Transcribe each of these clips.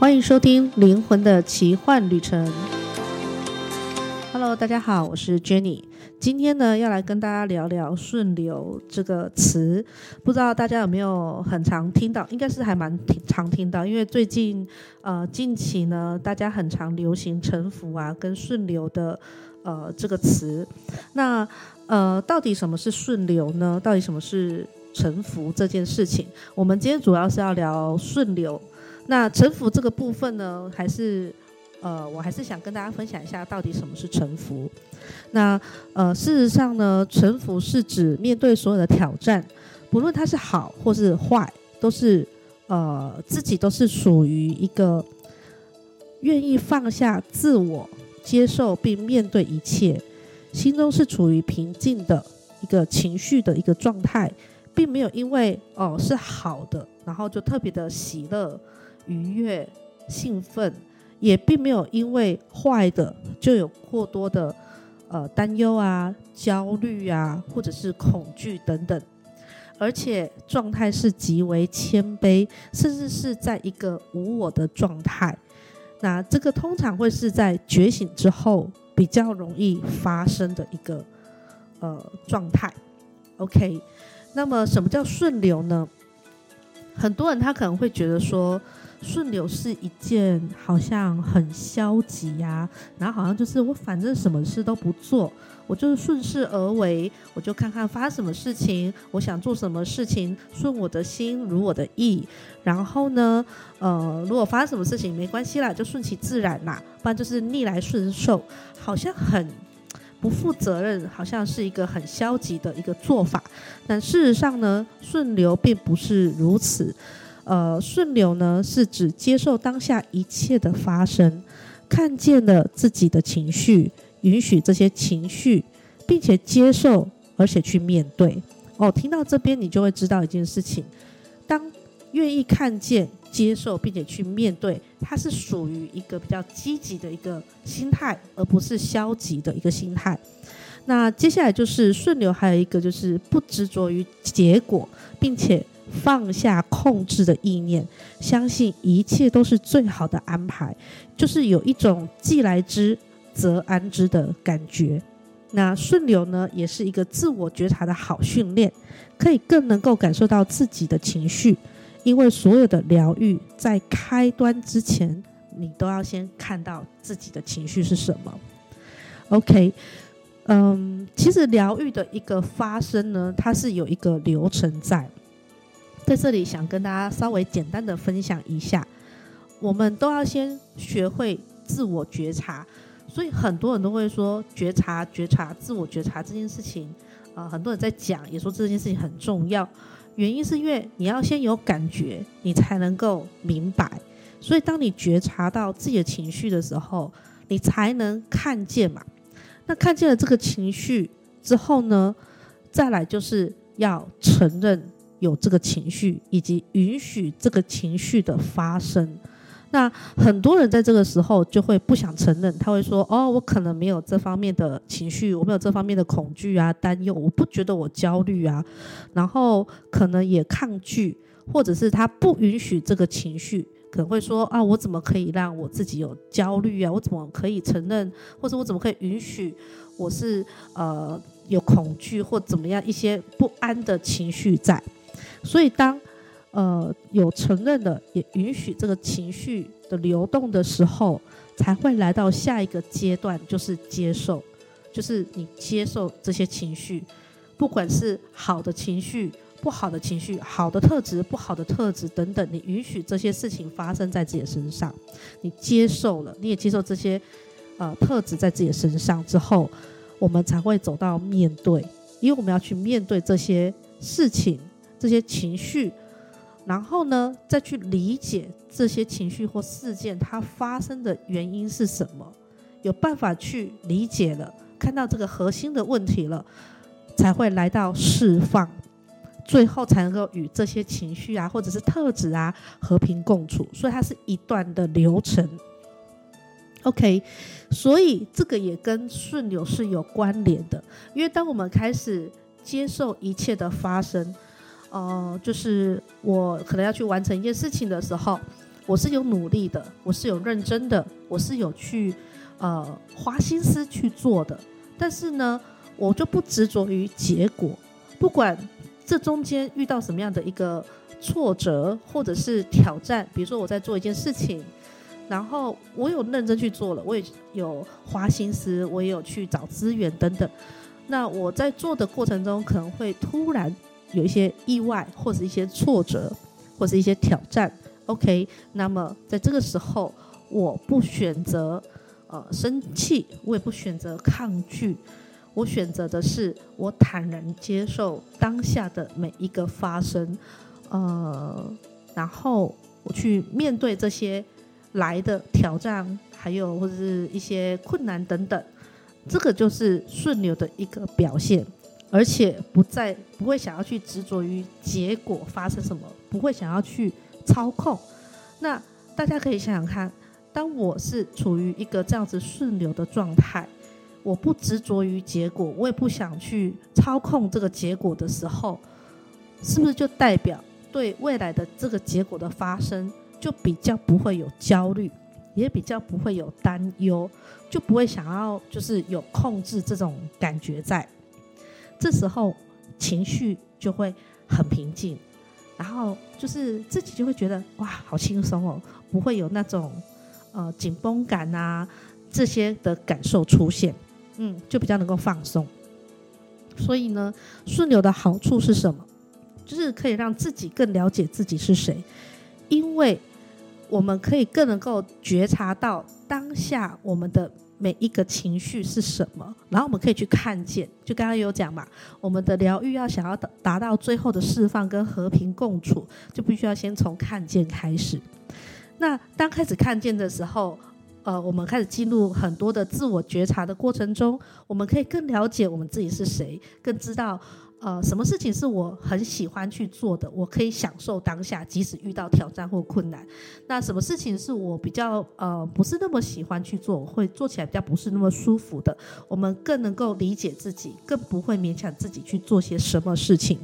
歡迎收聽《靈魂的奇幻旅程》。Hello，大家好，我是 Jannie。今天呢，要來跟大家聊聊“順流”這個詞。不知道大家有沒有很常聽到？應該是還蠻常聽到，因為最近呃近期呢，大家很常流行“臣服”啊，跟“順流”的呃這個詞。那呃，到底什麼是“順流”呢？到底什麼是“臣服”這件事情？我們今天主要是要聊“順流”。那臣服這個部分呢，還是呃，我還是想跟大家分享一下，到底什麼是臣服？那呃，事實上呢，臣服是指面對所有的挑戰，不論它是好或是壞，都是呃自己都是屬於一個願意放下自我，接受並面對一切，心中是處於平靜的一個情緒的一個狀態，並沒有因為哦、呃、是好的，然後就特別的喜樂。愉悅、興奮，也並沒有因為壞的就有過多的呃擔憂啊、焦慮啊，或者是恐懼等等。而且狀態是極為謙卑，甚至是在一個無我的狀態。那這個通常會是在覺醒之後比較容易發生的一個呃狀態。Okay，那麼什麼叫順流呢？很多人他可能會覺得說，順流是一件好像很消極呀、啊，然後好像就是我反正什麼事都不做，我就是順勢而為，我就看看發生什麼事情，我想做什麼事情，順我的心，如我的意。然後呢，呃，如果發生什麼事情，沒關係啦，就順其自然啦，不然就是逆來順受，好像很不負責任，好像是一個很消極的一個做法。但事實上呢，順流並不是如此。呃，順流呢是指接受當下一切的發生，看見了自己的情緒，允許這些情緒，並且接受，而且去面對。哦，聽到這邊你就會知道一件事情，當願意看見、接受，並且去面對，它是屬於一個比較積極的一個心態，而不是消極的一個心態。那接下來就是順流，還有一個就是不執着於結果，並且。放下控制的意念，相信一切都是最好的安排，就是有一種既來之則安之的感覺。那順流呢，也是一個自我覺察的好訓練，可以更能夠感受到自己的情緒。因為所有的療癒在開端之前，你都要先看到自己的情緒是什麼。OK，嗯，其實療癒的一個發生呢，它是有一個流程在。在這裡想跟大家稍微簡單的分享一下，我們都要先學會自我覺察，所以很多人都會說覺察、覺察、自我覺察這件事情啊，很多人在講，也說這件事情很重要。原因是因為你要先有感覺，你才能夠明白。所以當你覺察到自己的情緒的時候，你才能看見嘛。那看見了這個情緒之後呢，再來就是要承認。有這個情緒，以及允許這個情緒的發生，那很多人在這個時候就會不想承認，他會說：“哦，我可能沒有這方面的情緒，我沒有這方面的恐懼啊、擔憂，我不覺得我焦慮啊。”然後可能也抗拒，或者是他不允許這個情緒，可能會說：“啊，我怎麼可以讓我自己有焦慮啊？我怎麼可以承認，或者我怎麼可以允許我是呃有恐懼或怎麼樣一些不安的情緒在？”所以，當，呃，有承認的，也允許這個情緒的流動的時候，才會來到下一個階段，就是接受，就是你接受這些情緒，不管是好的情緒、不好的情緒，好的特質、不好的特質等等，你允許這些事情發生在自己身上，你接受了，你也接受這些，呃，特質在自己身上之後，我們才會走到面對，因為我們要去面對這些事情。這些情緒，然後呢，再去理解這些情緒或事件，它發生的原因是什麼？有辦法去理解了，看到這個核心的問題了，才會來到釋放，最後才能夠與這些情緒啊，或者是特質啊和平共處。所以它是一段的流程，OK。所以這個也跟順流是有關聯的，因為當我們開始接受一切的發生。哦、呃，就是我可能要去完成一件事情的時候，我是有努力的，我是有認真的，我是有去呃花心思去做的。但是呢，我就不執着於結果，不管這中間遇到什麼樣的一個挫折或者是挑戰，比如說我在做一件事情，然後我有認真去做了，我也有花心思，我也有去找資源等等。那我在做的過程中，可能會突然。有一些意外，或是一些挫折，或是一些挑戰，OK。那麼在這個時候，我不選擇呃生氣，我也不選擇抗拒，我選擇的是我坦然接受當下的每一個發生，呃，然後我去面對這些來的挑戰，還有或是一些困難等等，這個就是順流的一個表現。而且不再不會想要去執着於結果發生什麼，不會想要去操控。那大家可以想想看，當我是處於一個這樣子順流的狀態，我不執着於結果，我也不想去操控這個結果的時候，是不是就代表對未來的這個結果的發生，就比較不會有焦慮，也比較不會有擔憂，就不會想要就是有控制這種感覺在。這時候情緒就會很平靜，然後就是自己就會覺得哇，好輕鬆哦，不會有那種呃緊繃感啊這些的感受出現，嗯，就比較能夠放鬆。所以呢，順流的好處是什麼？就是可以讓自己更了解自己是誰，因為我們可以更能夠覺察到當下我們的。每一個情緒是什麼，然後我們可以去看見。就剛剛有講嘛，我們的療癒要想要達達到最後的釋放跟和平共處，就必須要先從看見開始。那當開始看見的時候，呃，我們開始進入很多的自我覺察的過程中，我們可以更了解我們自己是誰，更知道。呃，什麼事情是我很喜歡去做的？我可以享受當下，即使遇到挑戰或困難。那什麼事情是我比較呃不是那麼喜歡去做？我會做起來比較不是那麼舒服的。我們更能夠理解自己，更不會勉強自己去做些什麼事情。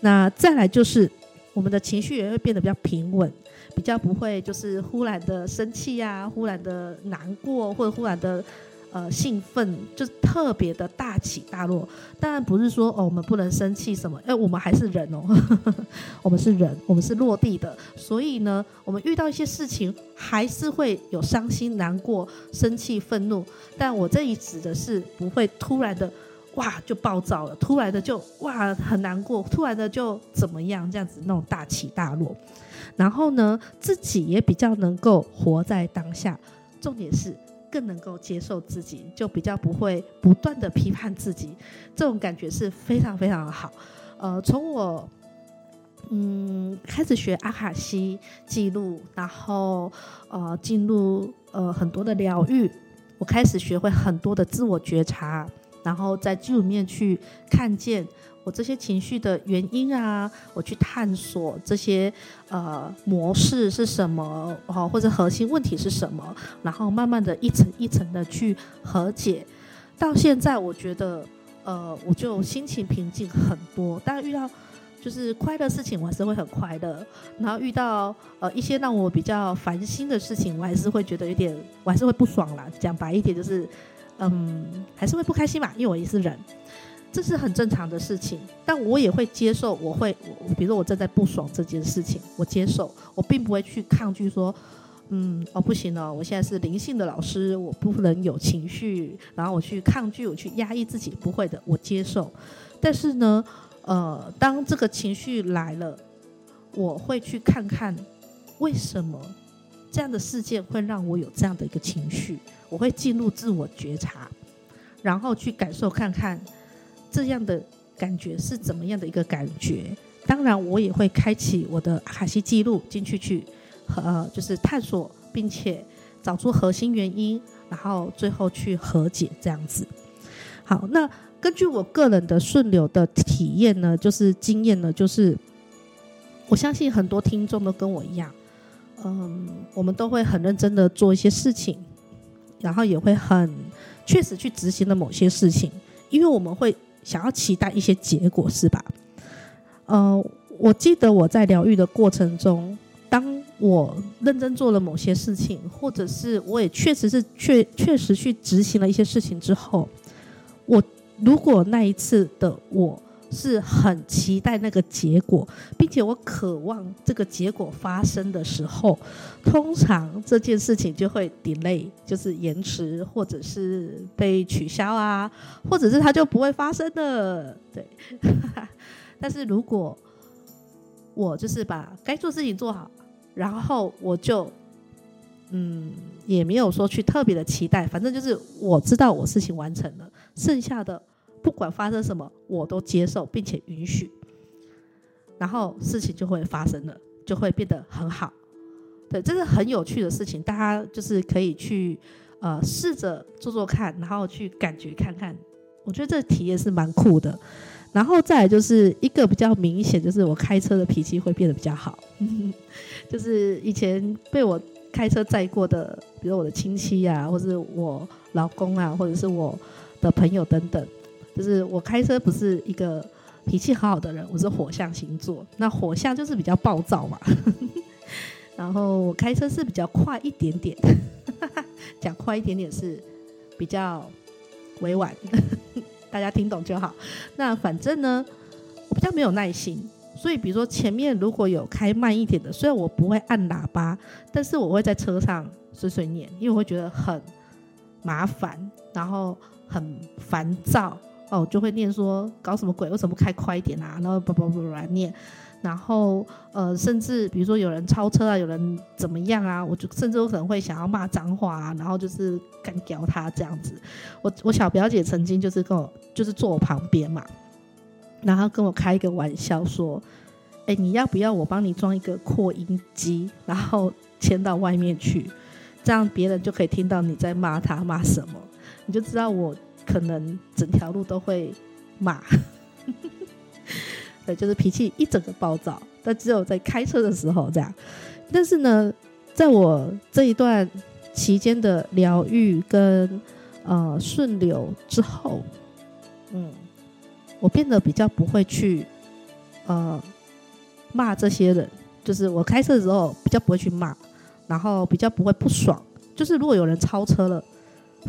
那再來就是，我們的情緒也會變得比較平穩，比較不會就是忽然的生氣啊，忽然的難過，或者忽然的。呃，興奮就特別的大起大落，當然不是說哦，我們不能生氣什麼，哎、欸，我們還是人哦呵呵，我們是人，我們是落地的，所以呢，我們遇到一些事情還是會有傷心、難過、生氣、憤怒，但我這裡指的是不會突然的哇就暴躁了，突然的就哇很難過，突然的就怎麼樣這樣子那種大起大落，然後呢，自己也比較能夠活在當下，重點是。更能夠接受自己，就比較不會不斷地批判自己，這種感覺是非常非常的好。呃，從我嗯開始學阿卡西記錄，然後呃進入呃很多的療癒，我開始學會很多的自我覺察。然後在基礎裡面去看見我這些情緒的原因啊，我去探索這些呃模式是什麼，或者核心問題是什麼，然後慢慢的一層一層的去和解。到現在我覺得，呃，我就心情平靜很多。但遇到就是快樂事情，我還是會很快樂。然後遇到呃一些讓我比較煩心的事情，我還是會覺得有點，我還是會不爽啦。講白一點就是。嗯，還是會不開心嘛，因為我也是人，這是很正常的事情。但我也會接受，我會，我比如說我正在不爽這件事情，我接受，我並不會去抗拒說，嗯，哦，不行了哦，我現在是靈性的老師，我不能有情緒，然後我去抗拒，我去壓抑自己，不會的，我接受。但是呢，呃，當這個情緒來了，我會去看看為什麼。這樣的事件會讓我有這樣的一個情緒，我會進入自我覺察，然後去感受看看這樣的感覺是怎麼樣的一個感覺。當然，我也會開啟我的阿卡西紀錄進去去，和、呃，就是探索，並且找出核心原因，然後最後去和解這樣子。好，那根據我個人的順流的體驗呢，就是經驗呢，就是我相信很多聽眾都跟我一樣。嗯，um, 我們都會很認真的做一些事情，然後也會很確實去執行了某些事情，因為我們會想要期待一些結果，是吧？Uh, 我記得我在療癒的過程中，當我認真做了某些事情，或者是我也確實是確確實去執行了一些事情之後，我如果那一次的我。是很期待那個結果，並且我渴望這個結果發生的時候，通常這件事情就會 delay，就是延遲，或者是被取消啊，或者是它就不會發生的。對，哈哈，但是如果我就是把該做事情做好，然後我就嗯，也沒有說去特別的期待，反正就是我知道我事情完成了，剩下的。不管發生什麼，我都接受並且允許，然後事情就會發生了，就會變得很好。對，這是很有趣的事情，大家就是可以去呃試着做做看，然後去感覺看看。我覺得這體驗是蠻酷的。然後再來就是一個比較明顯，就是我開車的脾氣會變得比較好。 就是以前被我開車載過的，比如我的親戚啊，或是我老公啊，或者是我的朋友等等。就是我開車不是一個脾氣很好的人，我是火象星座，那火象就是比較暴躁嘛。呵呵，然後我開車是比較快一點點，呵呵，講快一點點是比較委婉，呵呵，大家聽懂就好。那反正呢，我比較沒有耐心，所以比如說前面如果有開慢一點的，雖然我不會按喇叭，但是我會在車上碎碎念，因為我會覺得很麻煩，然後很煩躁。哦，就會念說，搞什麼鬼？為什麼開快一點啊？然後叭叭叭叭念，然後呃，甚至比如說有人超車啊，有人怎麼樣啊？我就甚至我可能會想要罵髒話啊，然後就是幹譙他這樣子。我我小表姐曾經就是跟我，就是坐我旁邊嘛，然後跟我開一個玩笑說：“哎，你要不要我幫你裝一個擴音機，然後牽到外面去，這樣，別人就可以聽到你在罵他罵什麼，你就知道我。”可能整條路都會罵， 對，就是脾氣一整個暴躁。但只有在開車的時候這樣。但是呢，在我這一段期間的療癒跟呃順流之後，嗯，我變得比較不會去呃罵這些人。就是我開車的時候比較不會去罵，然後比較不會不爽。就是如果有人超車了。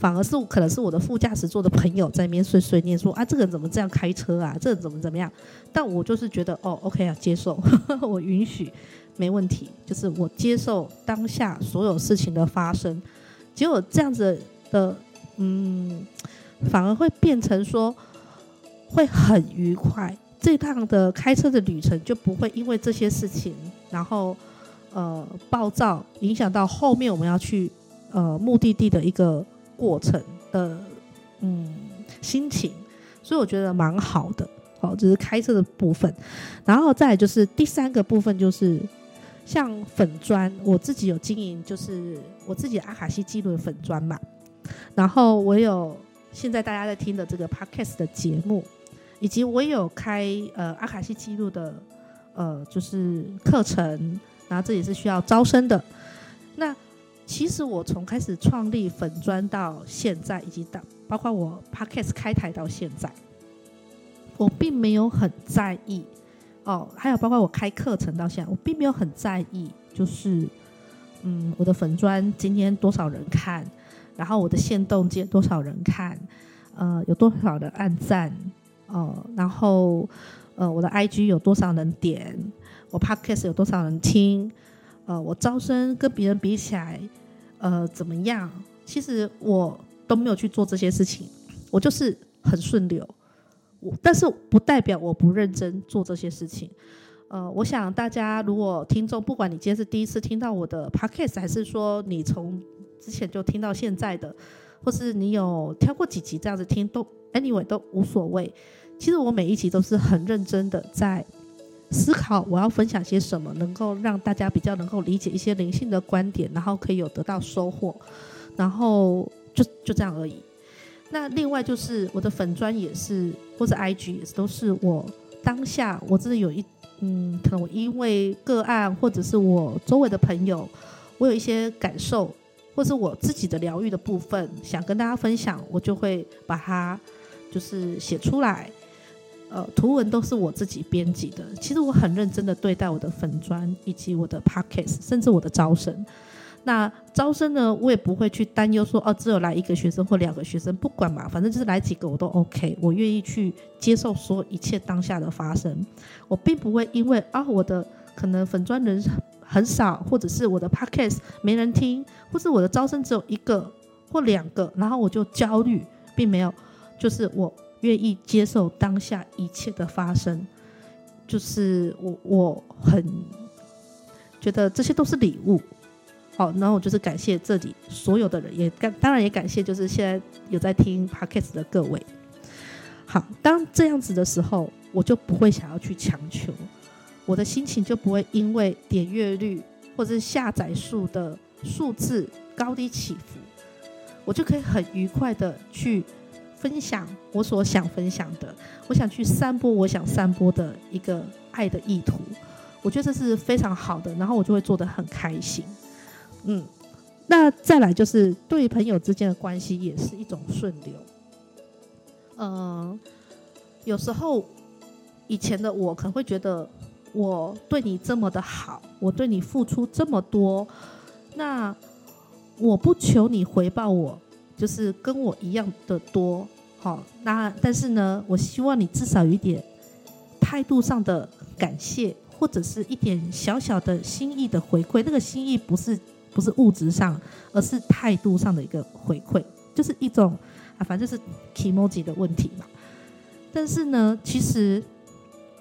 反而是可能是我的副駕駛座的朋友在那邊碎碎念說：“啊，這個人怎麼這樣開車啊？這個、人怎麼怎麼樣？”但我就是覺得，哦，OK 啊，接受，呵呵我允許，沒問題，就是我接受當下所有事情的發生。結果這樣子的，嗯，反而會變成說會很愉快。這趟的開車的旅程就不會因為這些事情，然後呃暴躁，影響到後面我們要去呃目的地的一個。過程的嗯心情，所以我覺得蠻好的。好、哦，這，就是開車的部分，然後再就是第三個部分，就是像粉專，我自己有經營，就是我自己阿卡西記錄的粉專嘛。然後我有現在大家在聽的這個 Podcast 的節目，以及我也有開呃阿卡西記錄的呃就是課程，然後這也是需要招生的。那。其實我從開始創立粉專到現在，以及到包括我 Podcast 開台到現在，我並沒有很在意哦。還有包括我開課程到現在，我並沒有很在意，就是嗯，我的粉專今天多少人看，然後我的限動接多少人看，呃，有多少人按讚，呃，然後呃，我的 IG 有多少人點，我 Podcast 有多少人聽。呃，我招生跟別人比起來，呃，怎麼樣？其實我都沒有去做這些事情，我就是很順流。我但是不代表我不認真做這些事情。呃，我想大家如果聽眾，不管你今天是第一次聽到我的 podcast，還是說你從之前就聽到現在的，或是你有跳過幾集這樣子聽，都 anyway 都無所謂。其實我每一集都是很認真的在。思考我要分享些什麼，能夠讓大家比較能夠理解一些靈性的觀點，然後可以有得到收穫，然後就就這樣而已。那另外就是我的粉專也是，或者 IG 也是，都是我當下我真的有一嗯，可能我因為個案或者是我周圍的朋友，我有一些感受，或是我自己的療癒的部分，想跟大家分享，我就會把它就是寫出來。呃，圖文都是我自己編輯的。其實我很認真的對待我的粉專以及我的 podcast 甚至我的招生。那招生呢，我也不會去擔憂說，哦、啊，只有來一個學生或兩個學生，不管嘛，反正就是來幾個我都 OK，我願意去接受說一切當下的發生。我並不會因為啊，我的可能粉專人很少，或者是我的 podcast 沒人聽，或是我的招生只有一個或兩個，然後我就焦慮，並沒有，就是我。願意接受當下一切的發生，就是我我很覺得這些都是禮物。好，然後我就是感謝這裡所有的人也，也感當然也感謝就是現在有在聽 Podcast 的各位。好，當這樣子的時候，我就不會想要去強求，我的心情就不會因為點閱率或者是下載數的數字高低起伏，我就可以很愉快的去。分享我所想分享的，我想去散播我想散播的一個愛的意圖，我覺得這是非常好的，然後我就會做得很開心。嗯，那再來就是對朋友之間的關係也是一種順流。呃，嗯，有時候以前的我可能會覺得我對你這麼的好，我對你付出這麼多，那我不求你回報我。就是跟我一樣的多、哦，好，那但是呢，我希望你至少有一點態度上的感謝，或者是一點小小的心意的回饋。那個心意不是不是物質上，而是態度上的一個回饋，就是一種啊，反正就是気持ち的問題嘛。但是呢，其實，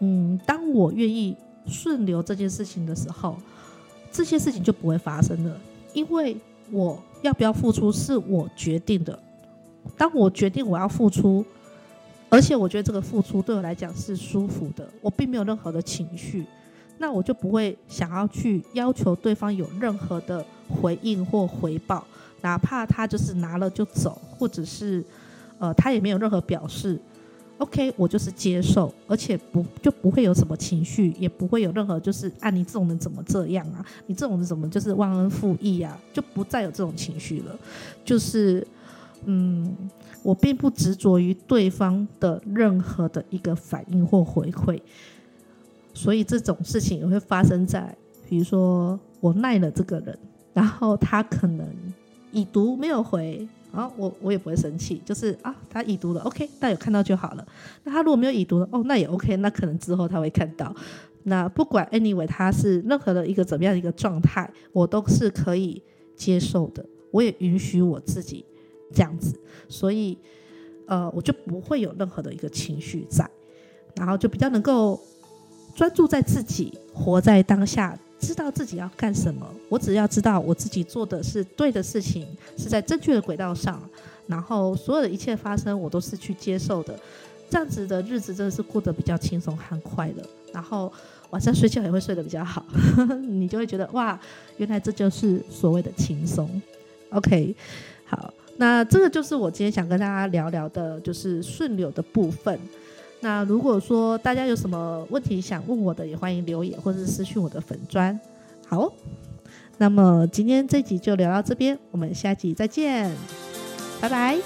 嗯，當我願意順流這件事情的時候，這些事情就不會發生了，因為我。要不要付出是我決定的。當我決定我要付出，而且我覺得這個付出對我來講是舒服的，我並沒有任何的情緒，那我就不會想要去要求對方有任何的回應或回報，哪怕他就是拿了就走，或者是，呃，他也沒有任何表示。OK，我就是接受，而且不就不會有什麼情緒，也不會有任何就是啊，你這種人怎麼這樣啊？你這種人怎麼就是忘恩負義啊？就不再有這種情緒了。就是，嗯，我並不執着於對方的任何的一個反應或回饋。所以這種事情也會發生在，比如說我賴了這個人，然後他可能已讀沒有回。哦，然後我我也不會生氣，就是啊，他已讀了，OK，但有看到就好了。那他如果沒有已讀呢？哦，那也 OK，那可能之後他會看到。那不管 anyway，他是任何的一個怎麼樣的一個狀態，我都是可以接受的。我也允許我自己這樣子，所以呃，我就不會有任何的一個情緒在，然後就比較能夠專注在自己，活在當下。知道自己要幹什麼，我只要知道我自己做的是對的事情，是在正確的軌道上，然後所有的一切發生，我都是去接受的。這樣子的日子真的是過得比較輕鬆和快樂，然後晚上睡覺也會睡得比較好， 你就會覺得，哇，原來這就是所謂的輕鬆。OK，好，那這個就是我今天想跟大家聊聊的，就是順流的部分。那如果說大家有什麼問題想問我的，也歡迎留言或者私訊我的粉專。好，那麼今天這集就聊到這邊，我們下集再見，拜拜。